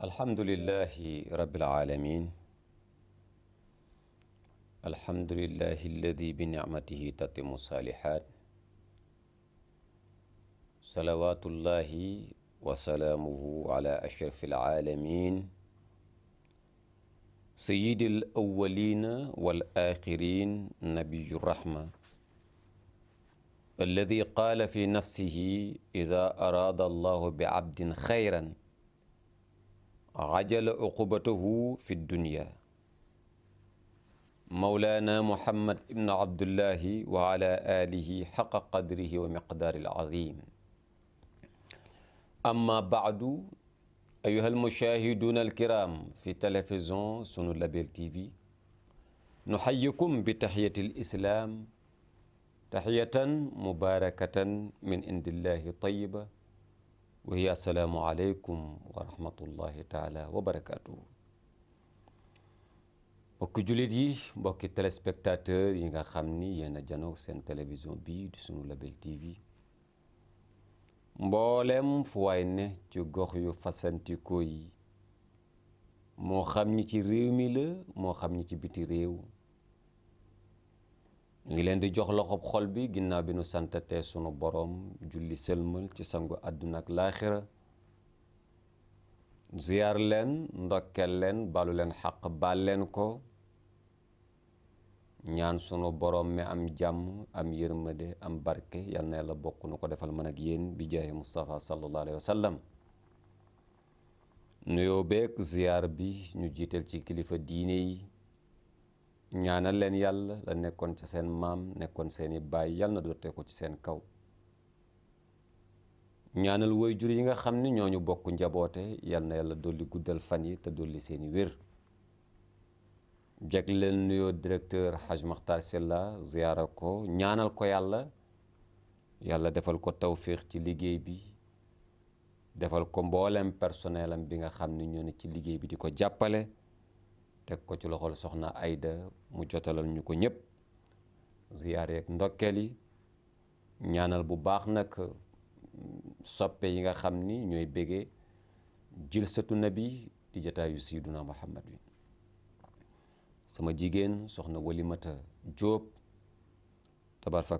alhamdulillahi rabbil aalamiin alhamdulillahi alladi bi nicmatihi tatimu saalihaat salawaatullahi wa salaamuhu ala ashrafil aalamiin sayyidil awwaliina wal aaxiriin nabiyyu rahma alladi qaala fi nafsihi idaa araada allahu bi abdin xayran ajala uqubatahu fi dunya mawlaana muhammad ibn abdullahi wa ala alihi xaqa qadrihi wa miqdaari alazim amma baadu ayuha almushaahiduuna alkiram fi télévision sunu label tv nuxayikum bi taxiyati alislaam taxiyatan mubaarakatan min indillahi tayiba wa hiya assalaamu aleykum wa rahmatullahi taala mbokki jullit yi mbokki téléspectateur yi nga xam ni yéen a janoog seen télévision bii di sunu Label TV mboolem fu waay ne ci gox yu fasantikoo yi moo xam ñi ci réew mi la moo xam ni ci biti réew ñu ngi leen di jox loxob xol bi ginnaaw bi nu santate sunu boroom julli sëlmal ci sangu àdduna ak laaxira ziyaar leen ndokkeel leen balu leen xaq baal leen ko ñaan sunu boroom mi am jàmm am yërmade am barke yal na yàlla bokk nu ko defal mën ak yéen bi jaaye Mustafa sallallahu alayhi wa sallam nuyoo ziyaar bi ñu jiital ci kilifa diine yi ñaanal leen yàlla la nekkoon ca seen maam nekkoon seeni baay yàlla na ko ci seen kaw ñaanal woy jur yi nga xam ni ñu bokk njaboote yàlla na yàlla dolli guddal fan yi te dolli seeni wér jeg leen nuyoo directeur Haj Makhtar Sylla ziyaara ko ñaanal ko yàlla yàlla defal ko tawféex ci liggéey bi defal ko mboolem personnel am bi nga xam ni ñoo ne ci liggéey bi di ko jàppale teg ko ci loxol soxna Ayda mu jotalal ñu ko ñëpp ziyaare ak ndokkeel yi ñaanal bu baax nag mm, soppe yi nga xam ni ñooy bégee jilsatu nabi di jataayu siiduna Muhammad wi sama jigéen soxna Walimata Jóob tabar fa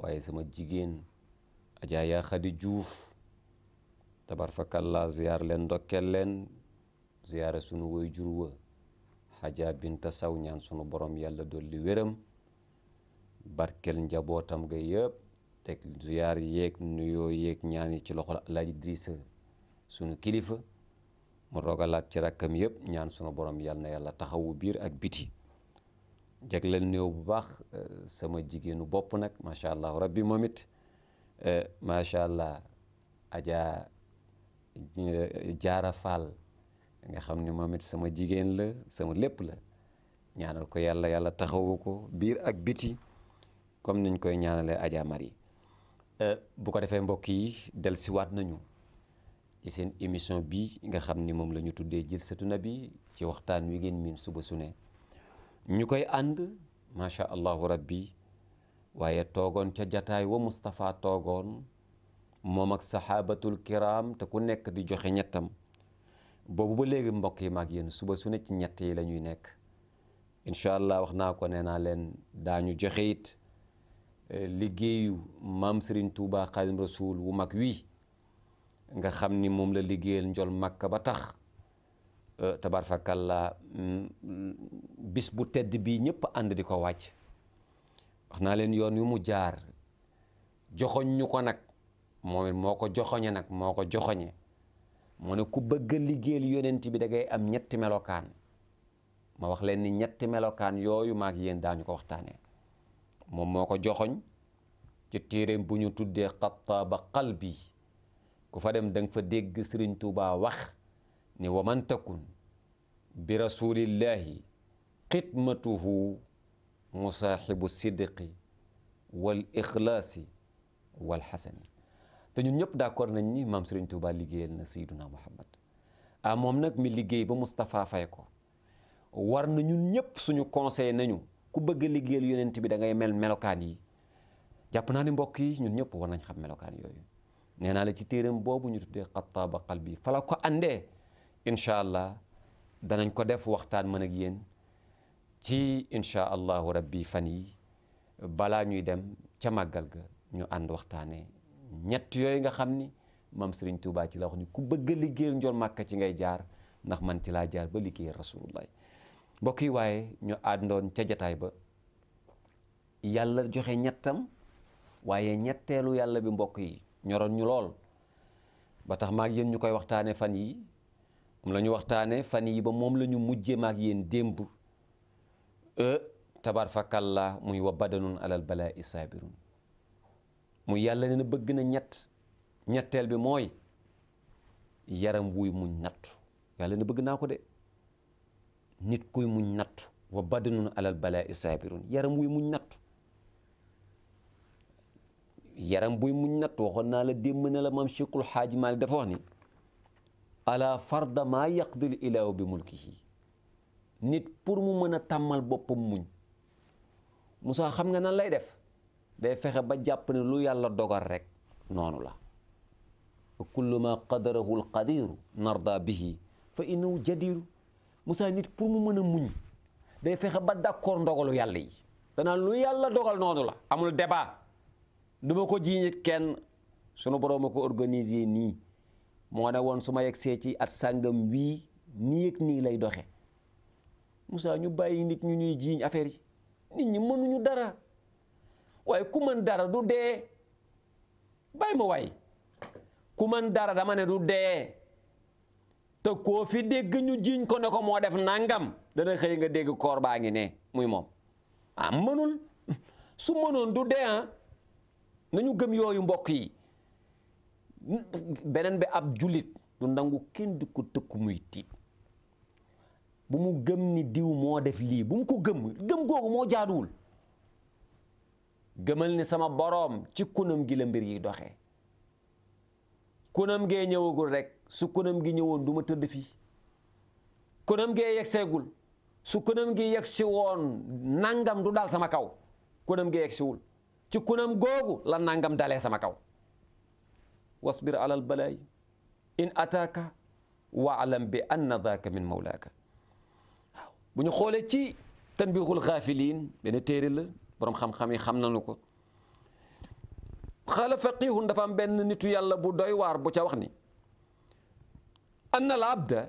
waaye sama jigéen Ajaa Yaa Juuf tabar fa kàllaa ziyaar leen ndokkeel leen ziyaare sunu woy jur Haja Binta Saw ñaan sunu borom yàlla dolli wéram barkel njabootam ga yëpp teg yéeg yeeg nuyoo yeeg ñaan yi ci loxol Alaaji Idrissa sunu kilifa mu rogalaat ci rakkam yëpp ñaan sunu borom yàlla na yàlla taxawu biir ak biti jagleel nuyoo bu baax eh, sama jigéenu bopp nag macha allah rabbi moom it eh, macha allah Aja eh, Jaara Fall nga xam ni moom it sama jigéen la sama lépp la ñaanal ko yàlla yàlla taxawu ko biir ak biti comme niñ koy ñaanalee Adja Marie euh, bu ko defee mbokk yi dellusiwaat nañu ci seen émission bi nga xam ni moom la ñu tuddee Jilsatu bi ci waxtaan wi ngeen miin suba su ne ñu koy ànd macha allahu rabbi waaye toogoon ca jataay wa Moustapha toogoon moom ak saxaabatul kiram te ku nekk di joxe ñettam boobu ba léegi mbokk yi mag yéen suba su ne ci ñett yi la ñuy nekk incha allah wax naa ko nee naa leen daañu joxe it eh, liggéeyu maam Serigne Touba Xaadim Rasoul wu mag wii nga xam ni moom la liggéeyal njol màkk ba tax eh, tabar la mm, bis bu tedd bii ñëpp ànd di ko wàcc wax naa leen yoon wi mu jaar joxoñ ñu ko nag moom moo ko joxoñe nag moo ko joxoñe mu ne ku bëgg a liggéeyal yonent bi da am ñetti melokaan ma wax leen ni ñetti melokaan yooyu maag yéen daañu ko waxtaane moom moo ko joxoñ ci téeréem bu ñu tuddee xattaaba qalbi ku fa dem da fa dégg Sëriñ tuuba wax ni wa man takun bi rasulillahi xidmatuhu musaaxibu sidqi wal ixlaasi wal xasani te ñun ñëpp d'accord nañ ni maam Serigne Touba liggéeyal na Seydouna Muhammad ah moom nag mi liggéey ba Moustapha fay ko war na ñun ñëpp suñu conseil nañu ku bëgg a liggéeyal yonent bi da ngay mel melokaan yi jàpp naa ni mbokk yi ñun ñëpp war nañ xam melokaan yooyu nee naa la ci téeram boobu ñu tuddee xattaaba qalbi fala ko andee incha allah danañ ko def waxtaan mën ak yéen ci incha allahu rabbi fan yi balaa ñuy dem ca màggal ga ñu ànd waxtaanee ñett yooyu nga xam ni maam Serigne Touba ci la wax ni ku bëgg a liggéeyal njol màkka ci ngay jaar ndax man ci laa jaar ba liggéeyal rasulullah mbokk yi waaye ñu àndoon ca jataay ba yàlla joxe ñettam waaye ñetteelu yàlla bi mbokk yi ñoroon ñu lool ba tax maag yéen ñu koy waxtaane fan yi moom la ñu waxtaane fan yi ba moom lañu ñu mujje maag yéen démb e tabar fakalla muy wa badanun alal balaa i mu yàlla ne na bëgg na ñett ñetteel bi mooy yaram wuy muñ nattu yàlla ne bëgg naa ko de nit kuy muñ nattu wa badnun alal balaa'i saabirun yaram wuy muñ nattu yaram buy muñ nattu waxoon naa la démb ne la maam Cheikhul Xaaji Maalik dafa wax ni ala farda maa yaqdil ilaahu bi mulkihi nit pour mu mën a tàmmal boppam muñ Moussa xam nga nan lay def day fexe ba jàpp ne lu yàlla dogal rek noonu la kullu ma qadarahu alqadiru narda bihi fa innahu jadiru Moussa nit pour mu mën a muñ day fexe ba d'accord ndogalu yàlla yi danaa lu yàlla dogal noonu la amul débat du ma ko jiiñit kenn sunu borom a ko organiser nii moo ne woon su ma yegsee ci at sàngam wii nii ak nii lay doxe Moussa ñu bàyyi nit ñu ñuy jiiñ affaire yi nit ñi mënuñu dara waay ku mën dara du dee bay ma waay ku mën dara dama ne du dee te koo fi dégg ñu jiñ ko ne ko moo def nangam dana xëy nga dégg koor baa ngi ne muy moom ah mënul su mënoon du dee ah nañu gëm yooyu mbokk yi beneen bi ab jullit du nangu kenn di ko tëkku muy tiit bu mu gëm ni diw moo def lii bu mu ko gëm gëm googu moo jaaduwul gëmal ni sama boroom ci kunam gi la mbir yi doxee kunam gee ñëwagul rek su kunam gi ñëwoon du tëdd fii kunam gee su kunam gi yegsi woon nangam du dal sama kaw kunam gee yegsiwul ci kunam googu la nangam dalee sama kaw wa wasbir alal balaay in ataaka waalam bi anna daaka min mawlaaka bu ñu xoolee ci tanbihul xaafiliin benn téere la borom xam-xam yi xam nañu ko xaala faqihun dafa am benn nitu yàlla bu doy waar bu ca wax ni anna al abda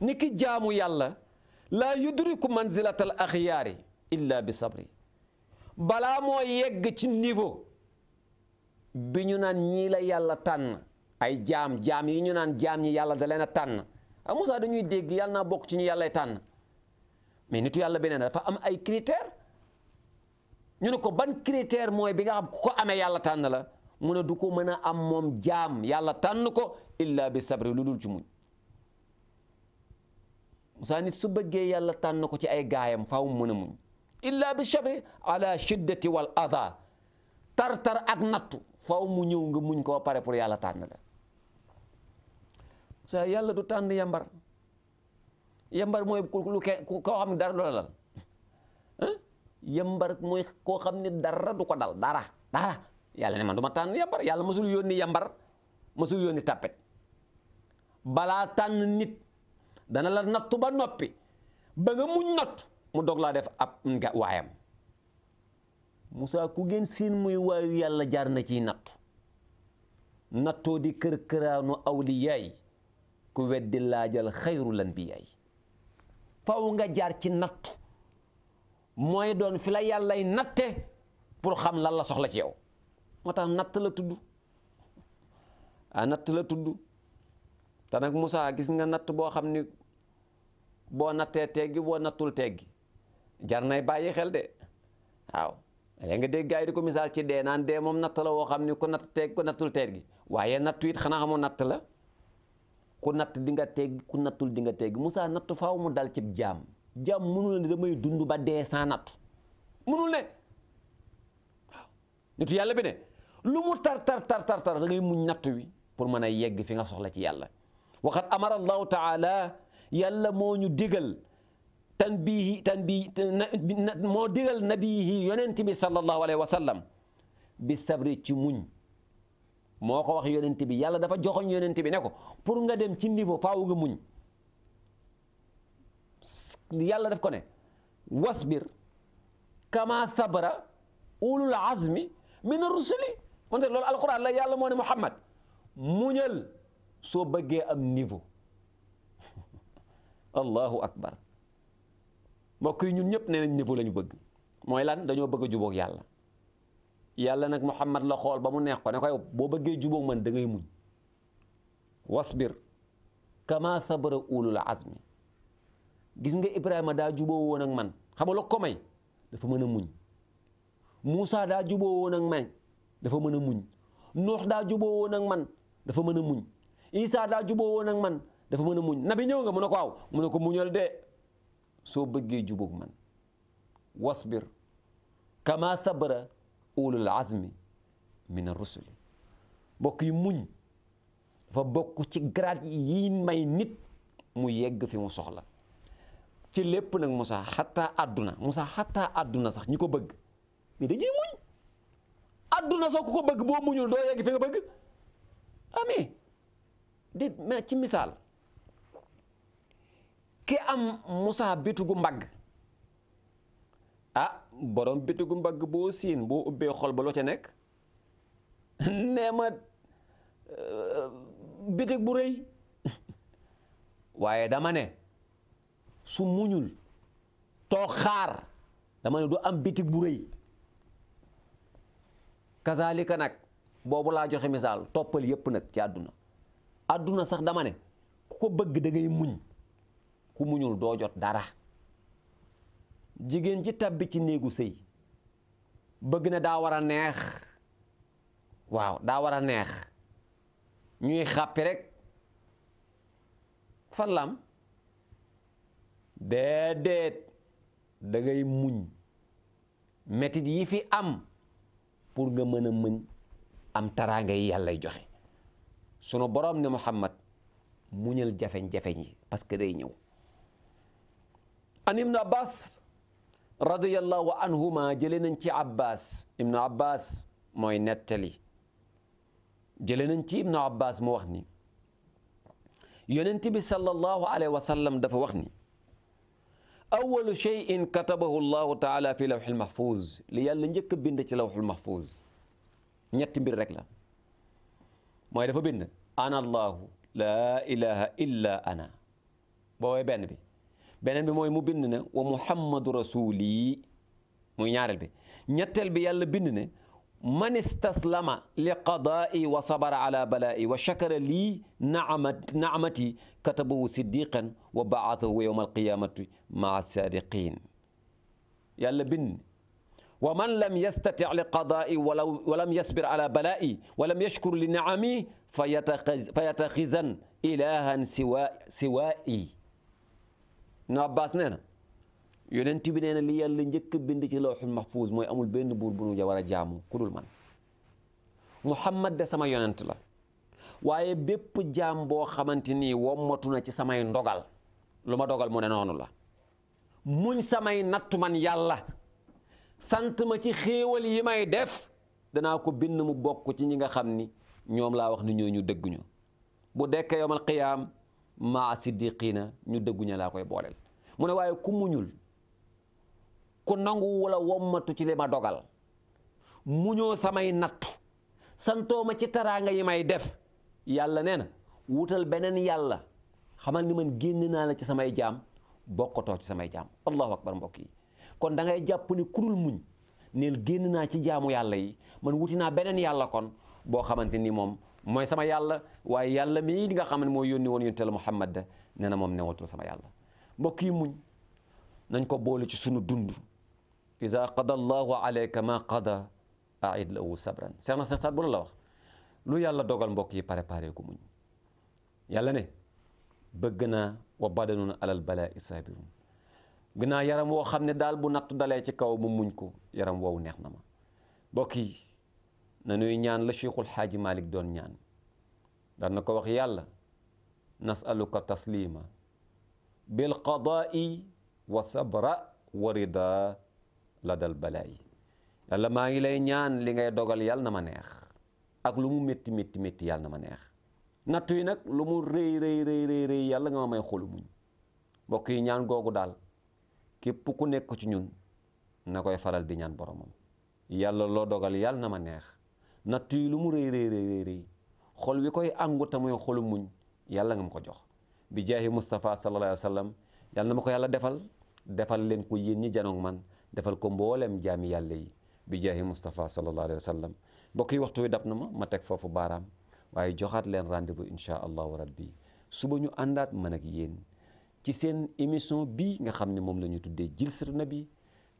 ni ki jaamu yàlla laa yudriku manzilat al axyaari illa bi sabri balaa moo yegg ci niveau bi ñu naan ñii la yàlla tànn ay jaam jaam yi ñu naan jaam ñi yàlla da leen a tànn a ah, Moussa dañuy dégg yàlla naa bokk ci ñu yàllay tànn mais nitu yàlla beneen dafa am ay critère ñu ne ko ban critère mooy bi nga xam ku ko amee yàlla tànn la mu ne du ko mën a am moom jaam yàlla tànn ko illa bi sabri lu dul ci muñ Moussa nit su bëggee yàlla tànn ko ci ay gaayam faaw mu mën muñ illa bi sabri ala shiddati wal adha tartar ak nattu faaw mu ñëw nga muñ ko pare pour yàlla tànn la Moussa yàlla du tànn yambar yambar mooy ku koo xam ne dara loola lal yambar mooy koo xam ne dara du ko dal dara dara yàlla ne man du ma tànn yambar yàlla mosul yónni yambar mosul yónni tappet balaa tànn nit dana la nattu ba noppi ba muñ natt mu dog laa def ab nga waayam Moussa ku gën siin muy waayu yàlla jaar na ci nattu nattoo di kër këraanu awliyaay ku weddi laajal xayrul anbiyaay faw nga jaar ci nattu mooy doon fi la yàllay natte pour xam lan la soxla ci yow moo tax natt la tudd a ah, natt la tudd te nag Moussa gis nga natt boo xam ni boo nattee teggi boo nattul teggi jar nay bàyyi xel de waaw léegi nga dégg gars yi di ko misaal ci dee naan dee moom natt la woo xam ni ku natt teg ku nattul teggi waaye nattu it xanaa xamoo natt la ku natt di nga teggi ku di nga teggi Moussa natt faaw mu dal ci jaam jàmm la ne da dund ba dee sans nattu mënul ne waaw nitu yàlla bi ne lu mu tar tar tar tar tar da muñ nattu wi pour mën a yegg fi nga soxla ci yàlla waxat amara allahu taala yàlla moo ñu digal tanbihi tanbi moo digal nabihi yonent bi sallallahu alayhi wa sallam bi sabri ci muñ moo ko wax yonent bi yàlla dafa joxoñ yonent bi ne ko pour nga dem ci niveau faaw nga muñ yàlla def ko ne wasbir kama sabara ulul azmi min rusuli kon loolu alquran la yàlla moo ne Muhammad muñal soo bëggee am niveau allahu akbar mbokk yi ñun ñëpp nee nañ lañu bëgg mooy lan dañoo bëgg a jubóog yàlla yàlla nag Muhammad la xool ba mu neex ko ne koy boo bëggee jubóog man da ngay muñ wasbir kama sabara ulul azmi gis nga Ibrahima daa juboo woon ak man xam nga ko may dafa mën a muñ Moussa daa juboo woon ak dafa mën a muñ Noox daa juboo woon ak man dafa mën a muñ Isa daa juboo woon ak man dafa mën a muñ nabi ñëw nga mu ne ko aw mu ne ko muñal de soo bëggee jubóog man wasbir kama sabara ulul azmi min ar-rusuli mbokk yi muñ dafa bokk ci grade yi may nit mu yegg fi mu soxla ci lépp nag Moussa xataa àdduna musa xataa àdduna sax ñi ko bëgg mais dañuy muñ àdduna sax ku ko bëgg boo muñul doo yegg fi nga bëgg amee ah, de mais ci misaal ki am Moussa bitigu mbagg a ah, borom bitigu mbagg boo siin boo ubbee xol ba loo ca nekk nee ma euh, bitig bu réy waaye dama ne su muñul toog xaar dama ne du am bitig bu rëy kazalika nag boobu laa joxe misaal toppal yépp nag ci àdduna àdduna sax dama ne ku ko bëgg da muñ ku muñul doo jot dara jigéen ci tabbi ci néegu sëy bëgg na daa war a neex waaw daa war a neex ñuy xàppi rekk fan lam déedéet da ngay muñ metit yi fi am pour nga mën a muñ am taraanga yi yàlla joxe sunu borom ne Muhammad muñal jafeñ-jafeñ yi parce que day ñëw an ibnu abbas radiyallahu anhuma jële nañ ci abbas ibnu abbas mooy nettali jële nañ ci ibnu abbas mu wax ni yonent bi sallallahu alayhi wa sallam dafa wax ni awalu cheyin katabahu llahu taala fi lawxil mahfuz li yàlla njëkk a bind ci lawxul mahfuz ñetti mbir rek la mooy dafa bind ana allahu laa ilaha illa ana boobooy benn bi beneen bi mooy mu bind ne wa muhammadu rasuli muy ñaareel bi ñetteel bi yàlla bind ne man istaslama li qadaa'i wa sabara ala balaa'i wa shakara lii naamat naamati katabahu siddiqan wa baathahu yowma alqiyamati maa saadiqin yàlla bin wa man lam yastati li qadaa'i wa lam yasbir ala balaa'i wa lam yashkur li naami fa yataxizan ilahan siwa siwaa'i no abbas nee na yonent bi nee na li yàlla njëkk bind ci lawxul mahfuuz mooy amul benn buur bu nu war a jaamu ku dul man muhammad de sama yonent la waaye bépp jaam boo xamante ni wommatu na ci samay ndogal lu ma dogal mu ne noonu la muñ samay nattu man yàlla sant ma ci xéewal yi may def danaa ko binn mu bokk ci ñi nga xam ni ñoom laa wax ni ñu dëgguñu bu dekkee yowmal qiyaam maa siddiqiina ñu dëgguña laa koy booleel mu ne waaye ku ku nangu wala wommatu ci li ma dogal muñoo samay nattu santoo ma ci taraanga yi may def yàlla nee na wutal beneen yàlla xamal ni man génn naa la ci samay jaam bokkatoo ci samay jaam allahu akbar mbokk yi kon da jàpp ni kudul muñ neel génn naa ci jaamu yàlla yi man wuti naa beneen yàlla kon boo xamante ni moom mooy sama yàlla waaye yàlla mii di nga xam ne moo yónni woon yónni la Muhammad nee na moom newatul sama yàlla mbokk yi muñ nañ ko boole ci sunu dund ida qada allahu alayka ma qada aid lahu sabran seex na seen saat bu la wax lu yàlla dogal mbokk yi préparé gu muñ yàlla ne bëgg naa wa badanun alal balaa'i saabirun ginnaaw yaram woo xam ne daal bu nattu dalee ci kaw mu muñ ko yaram woowu neex na ma mbokk yi nanuy ñaan la cheikhul xaaji malik doon ñaan daan na ko wax yàlla nasaluka taslima bil qadaa'i wa sabra wa rida la dal balaay yàlla maa ngi lay ñaan li ngay dogal yàlla na ma neex ak lu mu métti métti métti yàlla na ma neex nattu yi nag lu mu rëy rëy rëy rëy yàlla nga may xolu mbokk yi ñaan googu daal képp ku nekk ci ñun na koy faral di ñaan boromam loo dogal yàlla na ma neex nattu yi lu mu rëy rëy rëy xol wi koy àngu te muy xolu muñ yàlla nga ma ko jox bi jaahi Mustafa sallallahu alayhi wa yàlla na ma ko yàlla defal defal leen ko yéen ñi janoog man defal ko mboolem jaami yàlla yi bi jaahi Moustapha sallallahu alayhi wa sallam mbokk yi waxtu wi dab na ma ma teg foofu baaraam waaye joxaat leen rendez-vous incha allahu rabbi suba ñu àndaat man ak yéen ci seen émission bi nga xam ne moom la ñu tuddee jilsatu nabi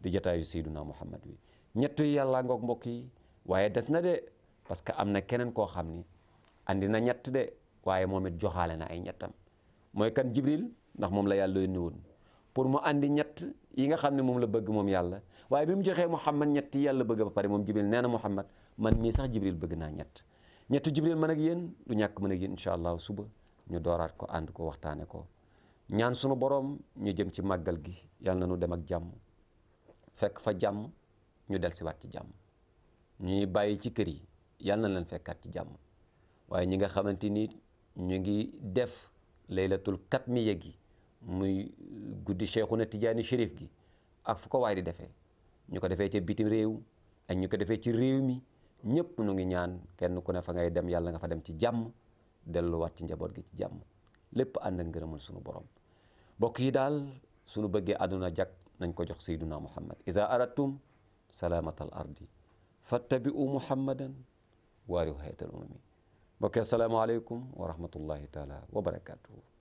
di jataayu sayduna muhammad wi ñett yàlla yàllaa ngoog mbokk yi waaye des na de parce que am na keneen koo xam ni andi na ñett de waaye moom it joxaale na ay ñettam mooy kan jibril ndax moom la yàlla yónni woon yi nga xam ne moom la bëgg moom yàlla waaye mi mu joxee Muhammad ñett yi yàlla bëgg ba pare moom Jibril nee na Muhammad man mii sax Jibril bëgg naa ñett ñett Jibril man ak yéen du ñàkk man ak yéen incha allah suba ñu dooraat ko ànd ko waxtaane ko ñaan sunu boroom ñu jëm ci màggal gi yàlla dem ak jàmm fekk fa jàmm ñu del siwaat ci jàmm ñuy bàyyi ci kër yi yàlla na leen fekkaat ci jàmm waaye ñi nga xamante ni ñu ngi def laylatul katmiya gi muy guddi na Tidiane Chérif gi ak fu ko waay di defee ñu ko defee ci bitim réew ak ñu ko defee ci réew mi ñëpp nu ngi ñaan kenn ku ne fa ngay dem yàlla nga fa dem ci jàmm delluwaat ci njaboot gi ci jàmm lépp ànd ak ngërëmul sunu borom mbokk yi daal sunu bëggee àdduna jag nañ ko jox sayduna muhammad iza aradtum salaamata al ardi fattabi'u muhammadan wa riwayatal umami mbokk asalaamaaleykum wa rahmatullahi taala wa barakatuhu